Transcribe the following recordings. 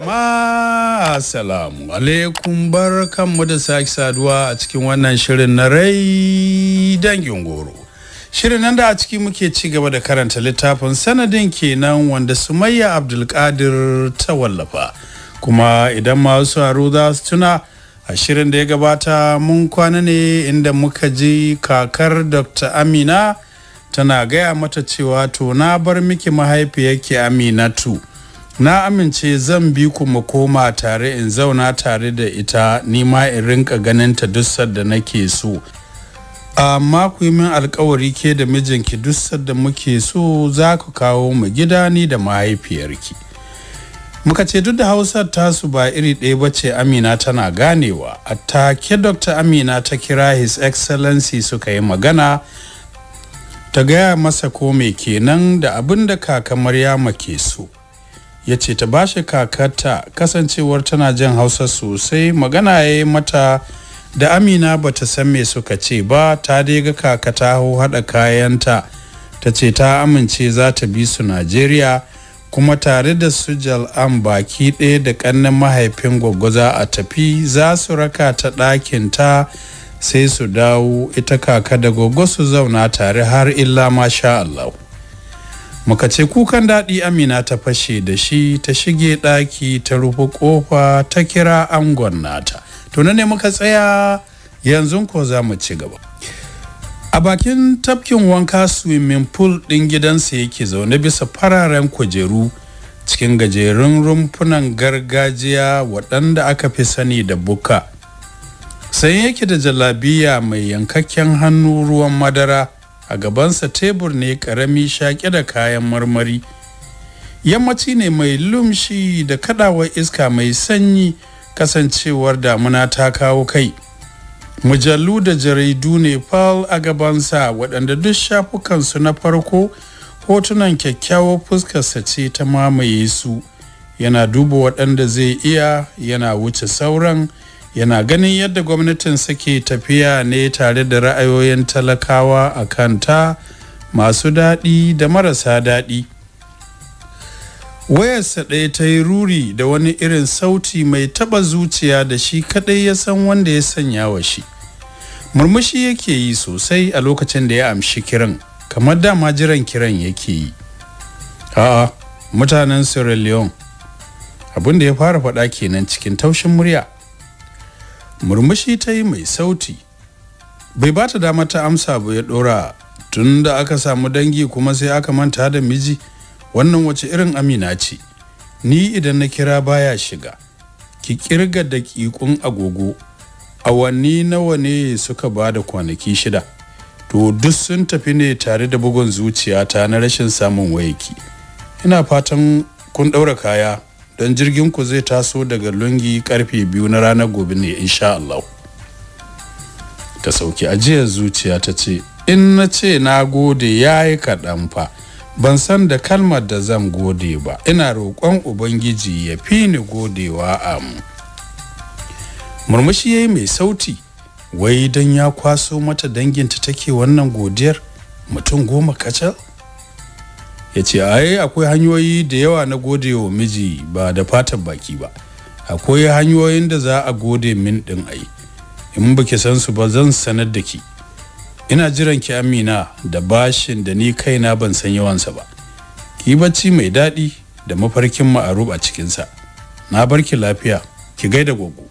Assalamu alaikum bar kanmu da sake saduwa a cikin wannan shirin na rai dangin goro. Shirin nan da a ciki muke ci gaba da karanta littafin sanadin kenan wanda Sumayya Abdulkadir ta wallafa. Kuma idan masu haru za su tuna a shirin da ya gabata mun kwana ne inda muka ji kakar Dr. Amina tana gaya mata cewa to na bar miki mahaifiyarki Aminatu. na amince zan bi ku mu koma tare in zauna tare da ita nima in rinka ganin ta dussar da nake so amma ku yi min alkawari ke da mijinki dussar da muke so za ku kawo mu gida ni da mahaifiyarki muka ce duk da hausar tasu ba iri ɗaya ba ce amina tana ganewa a take dr amina ta kira his excellency suka yi magana ta gaya masa ko mai kenan da abin da kakamar yama ke so ya ce ta ba shi kakata kasancewar tana jin hausa sosai magana ya yi mata da amina ba ta san me suka ce ba ta dai ga kaka ta hau haɗa kayanta ta ce ta amince za ta bi su najeriya kuma tare da su jal'an baki ɗaya da ƙannen mahaifin gwaggwaza a tafi za su raka ta ɗakin ta sai su dawo ita kaka da gwaggwa su zauna tare har illa masha'allah Allah. muka ce kukan daɗi amina ta fashe da shi ta shige ɗaki ta rufe ƙofa ta kira angon nata to ne muka tsaya yanzu ko za mu ci gaba a bakin tafkin wanka swimming pool ɗin gidansa yake zaune bisa fararen kujeru cikin gajerun rumfunan gargajiya waɗanda aka fi sani da buka sai yake da jalabiya mai yankakken hannu ruwan madara a gabansa tebur ne karami shaƙe da kayan marmari yammaci ne mai lumshi da kadawar iska mai sanyi kasancewar damuna ta kawo kai mujallu da jaridu ne fal a gabansa waɗanda duk shafukansu na farko hotunan kyakkyawar fuskarsa ce ta mamaye su yana duba waɗanda zai iya yana wuce sauran yana ganin yadda gwamnatin suke tafiya ne tare da ra'ayoyin talakawa a kanta masu daɗi da marasa daɗi wayarsa ɗaya ta yi ruri da wani irin sauti mai taɓa zuciya da shi kaɗai ya san wanda ya sanya wa shi murmushi yake yi sosai a lokacin da ya amshi kiran kamar dama jiran kiran yake yi a'a mutanen sierra leone abin da ya fara faɗa kenan cikin taushin murya murmushi ta yi mai sauti bai ba ta dama ta amsa ba ya dora tun da aka samu dangi kuma sai aka manta da miji wannan wace irin amina ce ni idan na kira baya shiga ki kirga da agogo awanni nawa ne suka ba da kwanaki shida to duk sun tafi ne tare da bugun zuciyata na rashin samun wayaki ina fatan kun ɗaura kaya don jirgin ku zai taso daga lungi karfe biyu na ranar gobe ne insha Allah ta sauki ajiyar zuciya ta ce in na ce na gode ya yi kaɗan fa ban san da kalmar da zan gode ba ina roƙon ubangiji ya fi ni godewa a mu murmushi ya yi mai sauti wai don ya kwaso mata danginta take wannan godiyar mutum goma kacal ya ce ai akwai hanyoyi da yawa na gode wa miji ba da fatan baki ba akwai hanyoyin da za a gode min din ai in baki san su ba zan sanar da ki ina jiran ki amina da bashin da ni kaina ban san yawansa ba ki bacci mai daɗi da mafarkin ma'arub a cikinsa na barki lafiya ki gaida gogo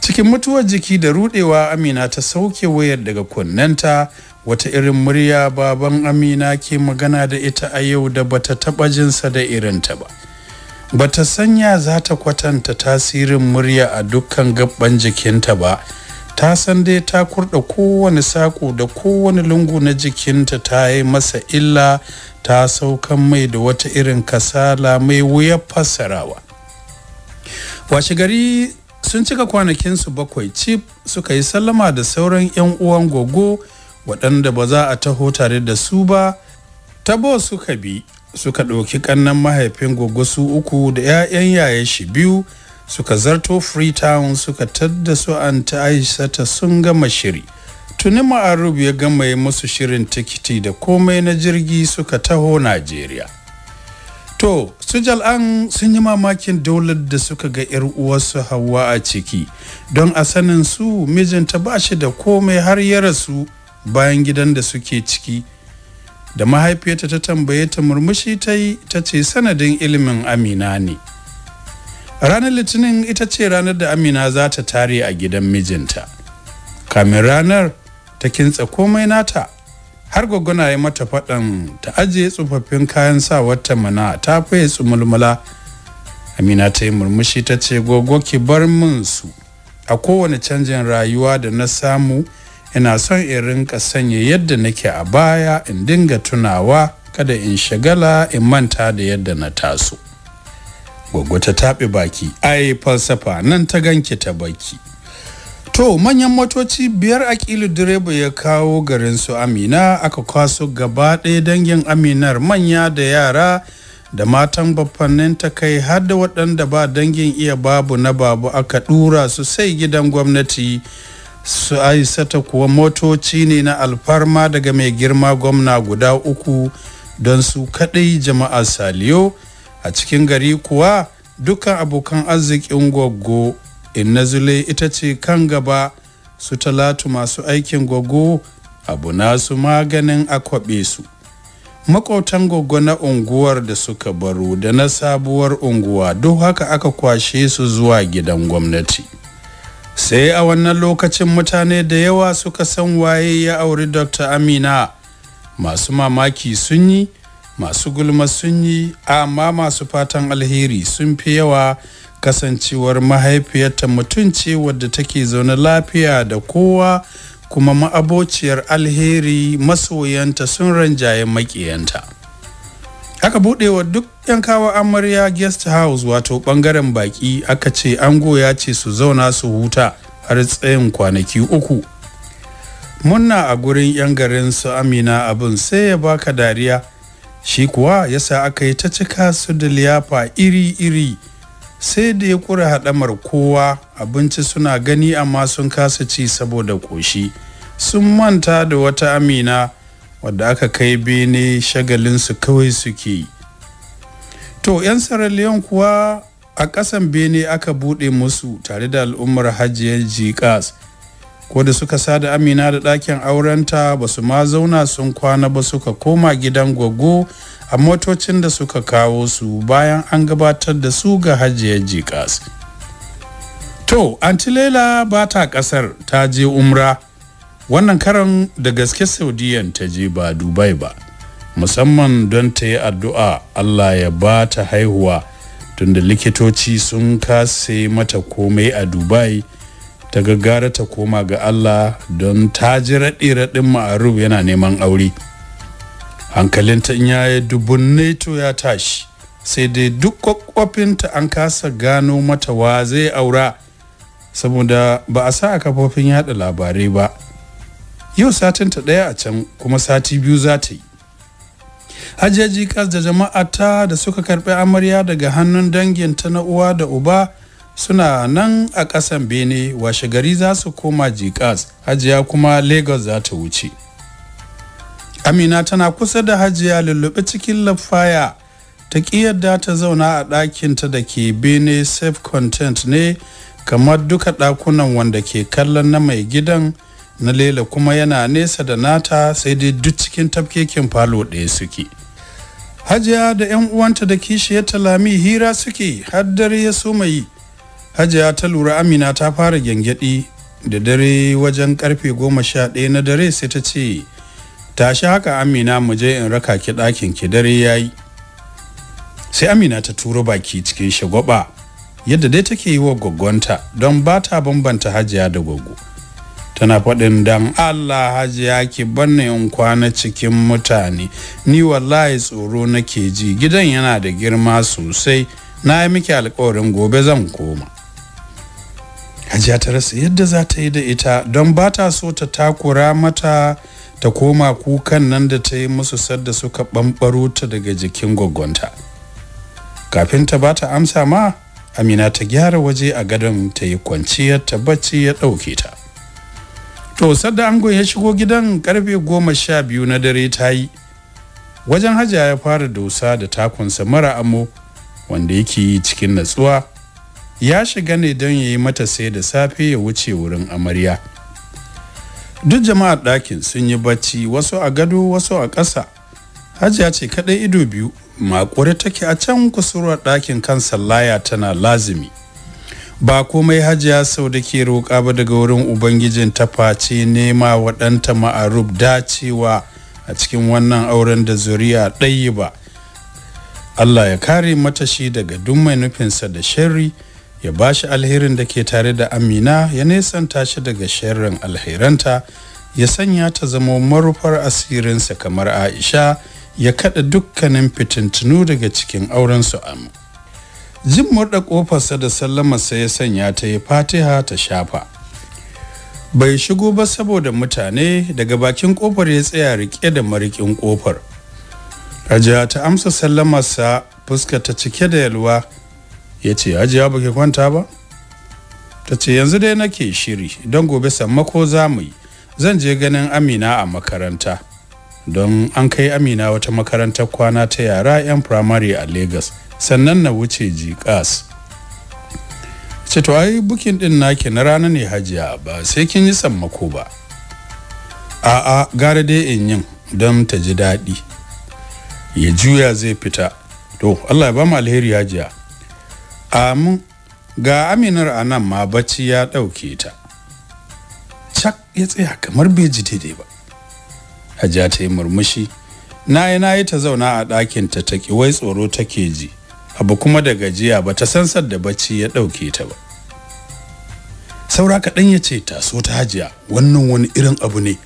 cikin mutuwar jiki da rudewa amina ta sauke wayar daga kunnenta wata irin murya baban amina ke magana da ita a yau da bata taɓa jinsa da irinta ba bata sanya za ta kwatanta tasirin murya a dukkan gabban jikinta ba ta san dai ta kurda kowane saƙo da kowane lungu na jikinta ta yi masa illa ta saukan mai da wata irin kasala mai wuyar fassarawa washe gari sun cika kwanakinsu bakwai cif suka yi sallama da sauran 'yan uwan gogo waɗanda ba za a taho tare da su ba tabo suka bi suka ɗauki ƙannan mahaifin gogo uku da 'ya'yan yaye shi biyu suka zarto freetown suka tadda su an ta aishata sun gama shiri tuni ma'arub ya gama yi musu shirin tikiti da komai na jirgi suka taho najeriya to su jal'an sun yi mamakin daular da suka ga 'yar uwarsu hawa a ciki don a sanin su mijinta ba shi da komai har ya rasu bayan gidan da suke ciki da mahaifiyarta ta tambaye ta murmushi ta yi ta ce sanadin ilimin amina ne ranar litinin ita ce ranar da amina za ta tare a gidan mijinta kamin ranar ta kintsa komai nata har gwaguna ya mata faɗan ta ajiye tsofaffin kayan sa wata mana ta faye tsumulmula amina ta yi murmushi ta ce gogo ki bar min su a kowane canjin rayuwa da na samu ina son in rinka sanya yadda nake a baya in dinga tunawa kada in shagala in manta da yadda na taso Goggo ta taɓi baki ai falsafa nan ta ganke ta baki to manyan motoci biyar akilu direba ya kawo garin su amina aka kwaso gaba ɗaya dangin aminar manya da yara da matan baffannin ta kai har da waɗanda ba dangin iya babu na babu aka ɗura su sai gidan gwamnati su aisata kuwa motoci ne na alfarma daga mai girma gwamna guda uku don su kaɗai jama'a saliyo a cikin gari kuwa dukkan abokan arzikin gwaggo inna zule ita ce kan gaba su talatu masu aikin gwaggo abu nasu maganin akwabe su makwautan gwaggo na unguwar da suka baro da na sabuwar unguwa duk haka aka kwashe su zuwa gidan gwamnati sai a wannan lokacin mutane da yawa suka san waye ya auri dr amina masu mamaki sun yi masu gulma sun yi amma masu fatan alheri sun fi yawa kasancewar mahaifiyarta mutum ce wadda take zaune lafiya da kowa kuma ma'abociyar alheri masoyanta sun ranjaye makiyanta. aka buɗewa duk yan kawo amarya guest house wato bangaren baki aka ce ango ya ce su zauna su huta har tsayin kwanaki uku munna a gurin yan garin su amina abin sai ya baka dariya shi kuwa yasa aka yi ta cika su da liyafa iri-iri sai da ya kura haɗamar kowa abinci suna gani amma sun kasa ci saboda ƙoshi sun manta da wata amina wadda aka kai bene shagalinsu kawai suke yi to 'yan saraliyan kuwa a ƙasan bene aka buɗe musu tare da al'ummar hajiyar jikas ko da suka da amina da ɗakin aurenta ba su ma zauna sun kwana ba suka koma gidan gwaggo a motocin da suka kawo su bayan an gabatar da su ga hajiyar jikas to antilela ba ta ƙasar ta je umra wannan karan da gaske saudiyan ta je ba dubai ba musamman don ta yi addu'a allah ya ba ta haihuwa tunda likitoci sun kase mata komai a dubai ta gaggara ta koma ga allah don ta ji raɗi-raɗin ma'aruf yana neman aure hankalinta in yayi dubun neto ya tashi sai dai duk kwakwafinta an kasa gano mata wa zai aura saboda ba a sa a kafofin yada labarai ba yau satin ta ɗaya a can kuma sati biyu za ta yi hajjaji kas da jama'ata da suka karɓi amarya daga hannun danginta na uwa da uba suna nan a ƙasan bene washe gari za su koma jikas hajiya kuma lagos za ta wuce amina tana kusa da hajiya lullube cikin lafaya ta yadda ta zauna a ɗakinta da ke bene safe content ne kamar duka ɗakunan wanda ke kallon na mai gidan na lela kuma yana nesa da nata sai dai duk cikin tafkekin falo ɗaya suke hajiya da 'yan uwanta da kishiyarta lami hira suke har dare ya soma yi. hajiya ta lura amina ta fara gyangyaɗi da dare wajen karfe goma sha ɗaya na dare sai ta ce tashi haka amina mu je in raka ki ɗakin ki dare ya yi sai amina ta turo baki cikin shagwaba yadda dai take yi wa gwaggwanta don ba ta bambanta hajiya da gwaggo tana faɗin dan allah hajiya ki banne in kwana cikin mutane ni wallahi tsoro nake ji gidan yana da girma sosai na yi miki alkawarin gobe zan koma hajiya ta rasa yadda za ta yi da ita don ba ta so ta takura mata ta koma kukan nan da ta yi musu sadda suka ɓamɓaro ta daga jikin gwaggonta kafin ta ba ta amsa ma amina ta gyara waje a gadon ta yi kwanciyar ta bacci ya ɗauke ta to sadda angon ya shigo gidan karfe goma sha biyu na dare ta yi wajen hajiya ya fara dosa da takunsa mara amo wanda yake yi cikin natsuwa ya shiga ne don ya yi mata sai da safe ya wuce wurin amarya duk jama'ar ɗakin sun yi bacci wasu a gado wasu a ƙasa hajiya ce kaɗai ido biyu makure take a can kusurwar ɗakin kan sallaya tana lazimi ba komai hajiya sau da ke roƙa ba daga wurin ubangijin ta face nema waɗanta ma'arub dacewa a cikin wannan auren da zuriya ɗayi ba allah ya kare mata shi daga duk mai nufinsa da sharri ya ba shi alherin da ke tare da amina ya nesanta shi daga sharrin alheranta ya sanya ta zama marufar asirinsa kamar aisha ya kaɗa dukkanin fitintunu daga cikin aurensu amu jin murɗa ƙofarsa da sallamarsa ya sanya ta yi fatiha ta shafa bai shigo ba saboda mutane daga bakin ƙofar ya tsaya riƙe da marikin ƙofar hajiya ta amsa sallamarsa fuska ta cike da yalwa ya ce hajiya ba ki kwanta ba ta ce yanzu dai nake shiri don gobe sammako za mu yi zan je ganin amina a makaranta don an kai amina wata makarantar kwana ta yara 'yan firamare a lagos sannan na wuce jikas ce to ai bukin din naki na rana ne hajiya ba sai kin yi sammako ba a'a gara dai in yin don ta ji daɗi ya juya zai fita to allah ya ba mu alheri hajiya amin ga aminar a nan ma bacci ya ɗauke ta cak ya tsaya kamar bai ji daidai ba hajiya ta yi murmushi na yi na ta zauna a ɗakinta ta take wai tsoro take ji abu kuma da gajiya ba ta san da bacci ya ɗauke ta ba saura kaɗan ya ce taso ta hajiya wannan wani irin abu ne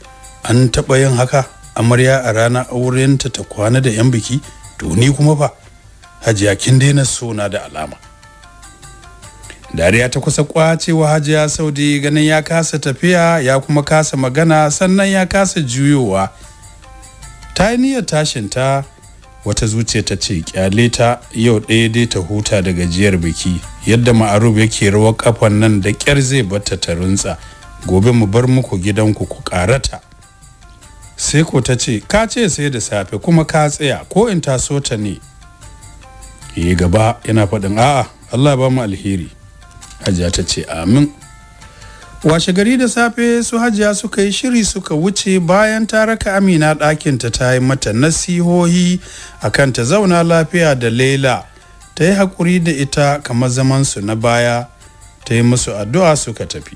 an taɓa yin haka amarya a rana aurenta ta kwana da yan biki to ni kuma fa hajiya kin daina suna da alama dariya ta kusa kwacewa hajiya saudi ganin ya kasa tafiya ya kuma kasa magana sannan ya kasa juyowa ta yi niyyar tashinta wata zuciya ta ce kyale ta yau ɗaya dai ta huta da gajiyar biki yadda ma'arub yake rawar kafan nan da kyar zai bata ta runtsa gobe mu bar muku gidanku ku karata sai ko ta ce ka ce sai da safe kuma ka tsaya ko in taso ta ne yi gaba yana faɗin a'a Allah ba mu alheri hajiya ta ce amin washe gari da safe su hajiya suka yi shiri suka wuce bayan ta raka amina ɗakinta ta yi mata nasihohi a kan ta zauna lafiya da laila ta yi haƙuri da ita kamar zamansu na baya ta yi musu addu'a suka tafi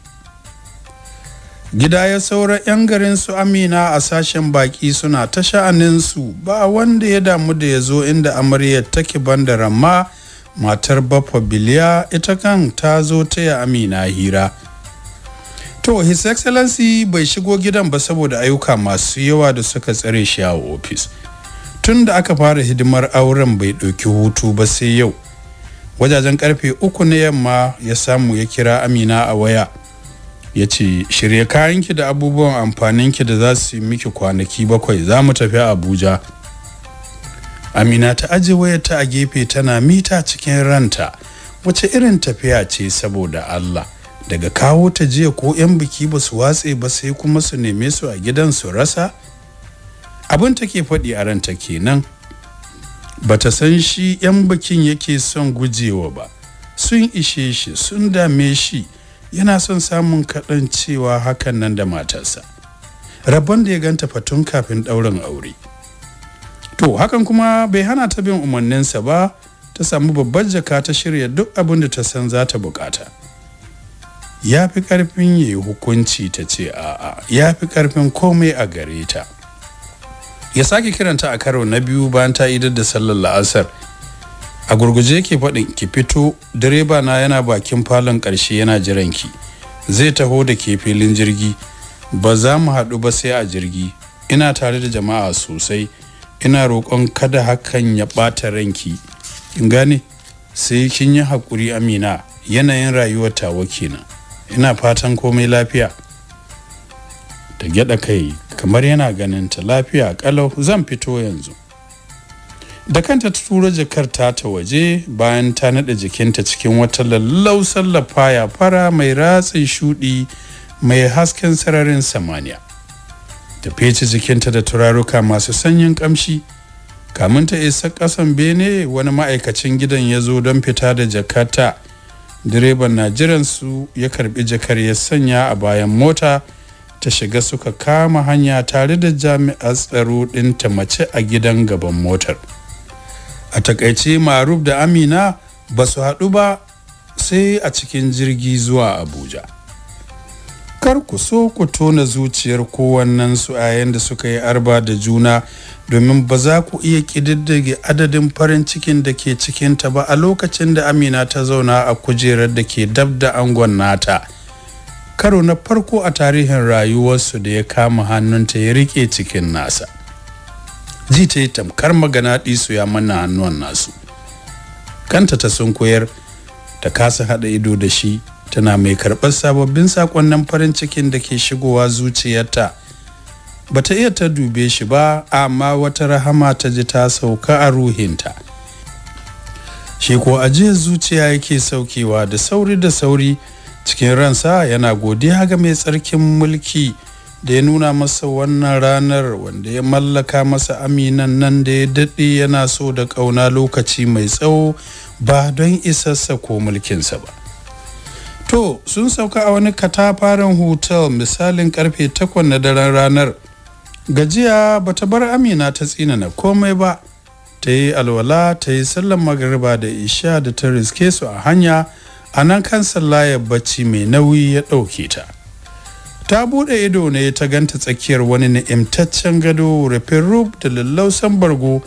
gida ya saura 'yan garin su amina a sashen baki suna ta sha'aninsu ba wanda ya damu da ya zo inda amaryar take banda ramma matar baffa biliya ita kan ta zo taya amina hira to his excellency bai shigo gidan ba saboda ayyuka masu yawa da suka tsare shi a ofis tun da aka fara hidimar auren bai ɗauki hutu ba sai yau wajajen karfe uku na yamma ya samu ya kira amina a waya ya ce shirya kayanki da abubuwan amfaninki da za su miki kwanaki bakwai za mu tafi abuja amina ta aje wayarta a gefe tana mita cikin ranta wace irin tafiya ce saboda allah daga kawo ta jiya ko 'yan biki ba su watse ba sai kuma su neme su a gidan su rasa abin take faɗi a ranta kenan ba ta san shi 'yan bikin yake son gujewa ba sun ishe shi sun dame shi yana son samun kaɗan cewa hakan nan da matarsa Rabban da ya ganta fatun kafin ɗaurin aure to hakan kuma bai hana ta bin umarninsa ba ta samu babbar jaka ta shirya duk abin da ta san za ta bukata ya fi ƙarfin yi hukunci ta ce a'a ya fi ƙarfin komai a gare ta ya sake kiranta a karo na biyu bayan ta idar da sallar la'asar a gurguje ke faɗin ki fito direba na yana bakin falon ƙarshe yana jiran ki zai taho da ke filin jirgi ba za mu haɗu ba sai a jirgi ina tare da jama'a sosai ina roƙon kada hakan ya ɓata ranki in gane sai kin yi haƙuri amina yanayin rayuwar tawa kenan ina fatan komai lafiya ta gyada kai kamar yana ganin ta lafiya kalau zan fito yanzu da kanta ta tura jakar ta ta waje bayan ta nada jikinta cikin wata lallausar ya fara mai ratsin shudi mai hasken sararin samaniya ta fece jikinta da turaruka masu sanyin kamshi kamun ta isa kasan bene wani ma'aikacin gidan ya zo don fita da jakata direban na su ya karbi jakar ya sanya a bayan mota ta shiga suka kama hanya tare da jami'ar tsaro ta mace a gidan gaban motar a takaice maruf da amina ba su haɗu ba sai a cikin jirgi zuwa abuja kar ku so ku tona zuciyar kowannen su a yayin da suka yi arba da juna domin ba za ku iya ƙididdige adadin farin cikin da ke ta ba a lokacin da amina ta zauna a kujerar da ke dab da angon nata karo na farko a tarihin rayuwarsu da ya kama hannunta ya rike cikin nasa ji ta yi tamkar magana su ya mana hannuwan nasu kanta ta sun koyar ta kasa haɗa ido da shi tana mai karɓar sababbin sakonnin farin cikin da ke shigowa zuciyarta bata iya ta dube shi ba amma wata rahama ta ji ta sauka a ruhinta shi ko ajiyar zuciya yake saukewa da sauri da sauri cikin ransa yana godiya ga mai tsarkin mulki da ya nuna masa wannan ranar wanda ya mallaka masa aminan nan da ya daɗe yana so da ƙauna lokaci mai tsawo ba don isarsa ko mulkinsa ba to sun sauka a wani katafaren hotel misalin karfe takwas na daren ranar gajiya ba ta bar amina ta tsinana komai ba ta yi alwala ta yi sallan magariba da isha da ta riske su a hanya a nan kan sallaya bacci mai nauyi ya ɗauke ta ta buɗe ido ne ta ganta tsakiyar wani ni'imtaccen gado rufin rub da lallausan bargo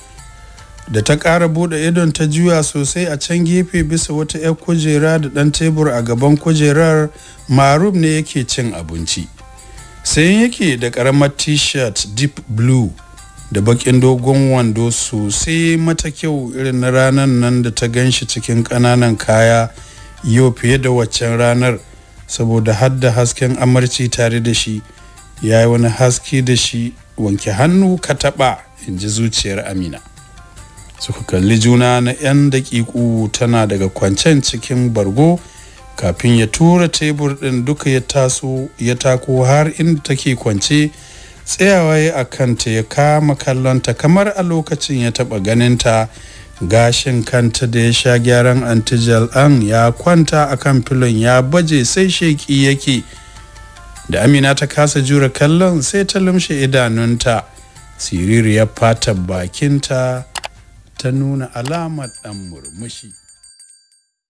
da ta ƙara bude idon ta juya sosai a can gefe bisa wata 'yar kujera da ɗan tebur a gaban kujerar marub ne yake cin abinci sai yake da ƙaramar t-shirt deep blue da bakin dogon wando sosai mata kyau irin na ranar nan da ta ganshi cikin ƙananan kaya yau fiye da waccan ranar saboda hadda hasken amarci tare da shi ya yi wani haske da shi wanke hannu ka taɓa in ji zuciyar amina suka kalli juna na 'yan daƙiƙu tana daga kwancen cikin bargo kafin ya tura tebur ɗin duka ya taso ya tako har inda take kwance tsayawa ya akanta ya kama kallonta kamar a lokacin ya taɓa ganinta gashin kanta da ya sha gyaran antijal an ya kwanta akan kan filon ya baje sai sheki yake da amina ta kasa jura kallon sai ta lumshe idanunta siriri ya fata bakinta ta nuna alamar ɗan murmushi.